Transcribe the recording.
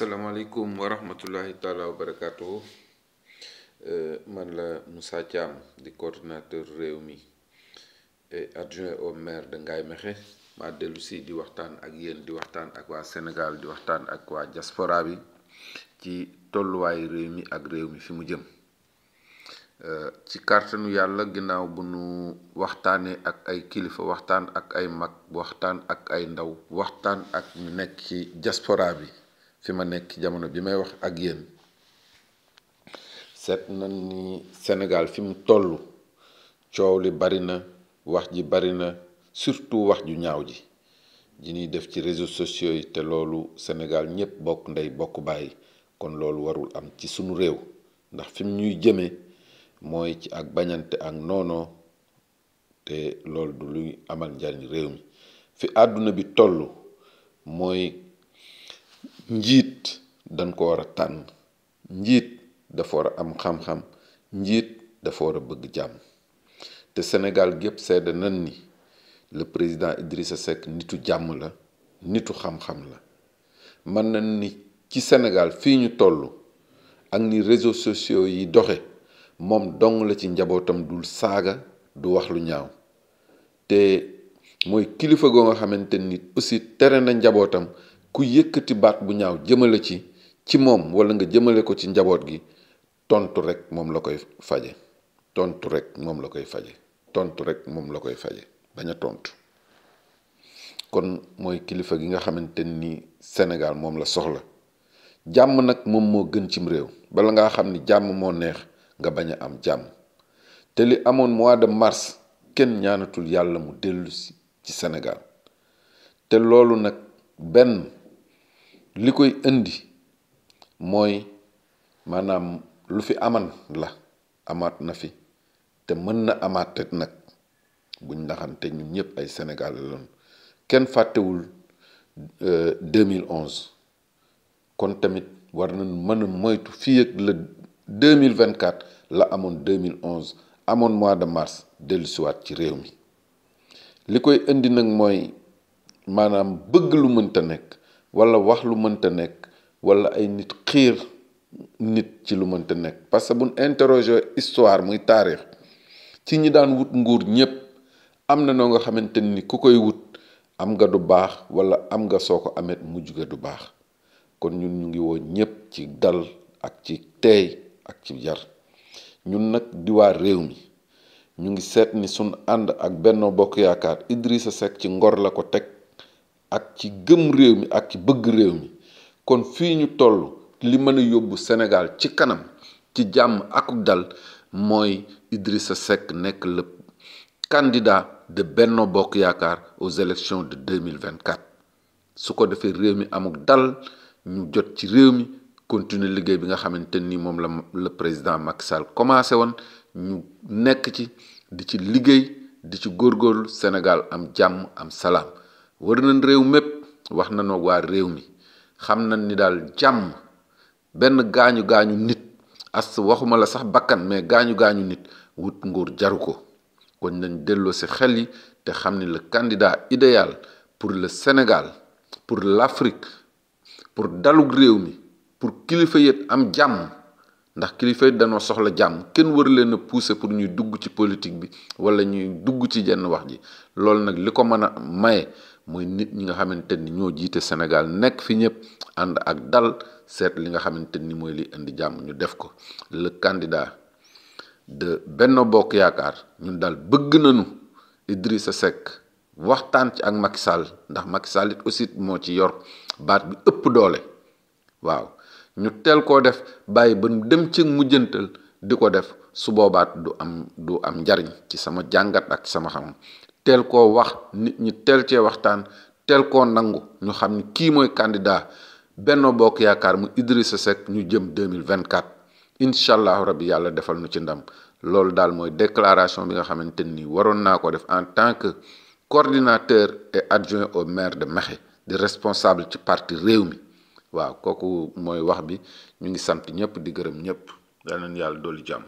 asalaamaaleykum wa rahmatullahi taala wa barakaatu eh, man la Moussa Thiam di coordonnateur réew mi et adjoint au maire de Ngaye Mékhé maa di waxtaan ak yéen di waxtaan ak waa Sénégal di waxtaan ak waa jaspora bi ci tolluwaayu réew mi ak réew mi fi mu jëm eh, ci kàttanu yàlla ginnaaw bu nu waxtaanee ak ay kilifa waxtaan ak ay mag waxtaan ak ay ndaw waxtaan ak mu nekk ci jaspora bi fi ma nekk jamono bi may wax ak yéen seet na ni Sénégal fi mu toll coow li bari na wax ji bari na surtout wax ju ñaaw ji ji ñuy def ci réseaux sociaux yi te loolu Sénégal ñëpp bokk ndey bokk bàyyi kon loolu warul am ci sunu réew ndax fi ñuy jëmee mooy ci ak bañante ak noonoo te loolu du luy amal njariñ réew mi fi àdduna bi tollu mooy njiit dañ ko war a tànn njiit dafa war a am xam-xam njiit dafa war a bëgg jàmm te Sénégal gépp sedd nan ni le président Idrissa Seck nitu jàmm la nitu xam-xam la mën nañ ni ci Sénégal fii ñu toll ak ni réseau sociaux yi doxe moom dong la ci njabootam dul saaga du wax lu ñaaw te mooy kilifa goo nga xamante nit aussi tere na njabootam ku yëkkati baat bu ñaaw jëmale ci ci moom wala nga jëmale ko ci njaboot gi tontu rek moom la koy faje tontu rek moom la koy faje tontu rek moom la koy faje bañ a tontu kon mooy kilifa gi nga xamante ni Sénégal moom la soxla jàmm nag moom moo gën cim réew bala ngaa xam ni jàmm moo neex nga bañ a am jàmm te li amoon mois de mars kenn ñaanatul yàlla mu dellu ci Sénégal te loolu nag benn li koy indi mooy maanaam lu fi aman la amaat na fi te mën na amaat nag buñ ndaxante ñun ñëpp ay sénégalais lañu kenn fàttewul euh, deux mille 2011 kon tamit war nañ mën a moytu deux mille le 2024 la amoon deux mille 2011 amoon mois de mars dellusiwaat ci réew mi li koy indi nag mooy maanaam bëgg lu mënta nekk wala wax lu mënta nekk wala ay nit xiir nit ci lu mënta nekk parce que buñ interroger histoire muy taarix ci ñi daan wut nguur ñépp am na noo nga xamante ni ku koy wut am nga du baax wala am nga soo ko amee mujj ga du baax kon ñun ñu ngi woo ñépp ci dal ak ci teey ak ci jar ñun nag di réew mi ñu ngi seet ni sun ànd ak Benno Bokk Yaakaar Idrissa Seck ci ngor la ko teg ak ci gëm réew mi ak ci bëgg réew mi kon fii ñu toll li mën a yóbbu Sénégal ci kanam ci jàmm akuk dal mooy sa Seck nekk le candidat de Benno Bokk Yaakaar aux élections de 2024 su ko defee réew mi amuk dal ñu jot ci réew mi continuer liggéey bi nga xamante ni moom la le président Macky Sall commencé woon ñu nekk ci di ci liggéey di ci góor góorgóorlu Sénégal am jàmm am salaam wër nañ réew mépp wax na noog waa réew mi xam nañ ni daal jàmm benn gaañu gaañu nit as waxuma la sax bakkan mais gaañu gaañu nit wut nguur jaru ko kon nañ delloo si xel yi te xam ni la candidat idéal pour le Sénégal pour l'Afrique pour dalug réew mi pour kilifa yët am jàmm ndax kilifa yi dañoo soxla jàmm kenn war leen a pour ñuy dugg ci politique bi walla ñuy dugg ci jenn wax ji loolu nag li ko mën a maye mooy nit ñi nga xamante ni ñoo jiite senegal nekk fi ñëpp ànd ak dal seet li nga xamante ni mooy li indi jàmm ñu def ko le candidat de Benno Bokk Yaakaar ñun daal bëgg nañu Idrissa Seck waxtaan ci ak Macky Sall ndax Macky Sall aussi moo ci yor baat bi ëpp doole waaw ñu teel koo def bàyyi ba dem ci mujjantal di ko def su boobaat du am du am njariñ ci sama jàngat ak sama xam teel koo wax nit ñi teel cee waxtaan teel ko nangu ñu xam ni kii mooy candidat benn Bokk Yaakaar mu Idrissa Seck ñu jëm 2024 incha allahu rabbi yàlla defal nu ci ndam loolu daal mooy déclaration bi nga xamante nii waroon naa ko def en tant que coordinateur et adjoint au maire de Mekhe di responsable ci parti réew mi waaw kooku mooy wax bi ñu ngi sant ñëpp di gërëm ñëpp yal nañu yàlla dolli jàmm.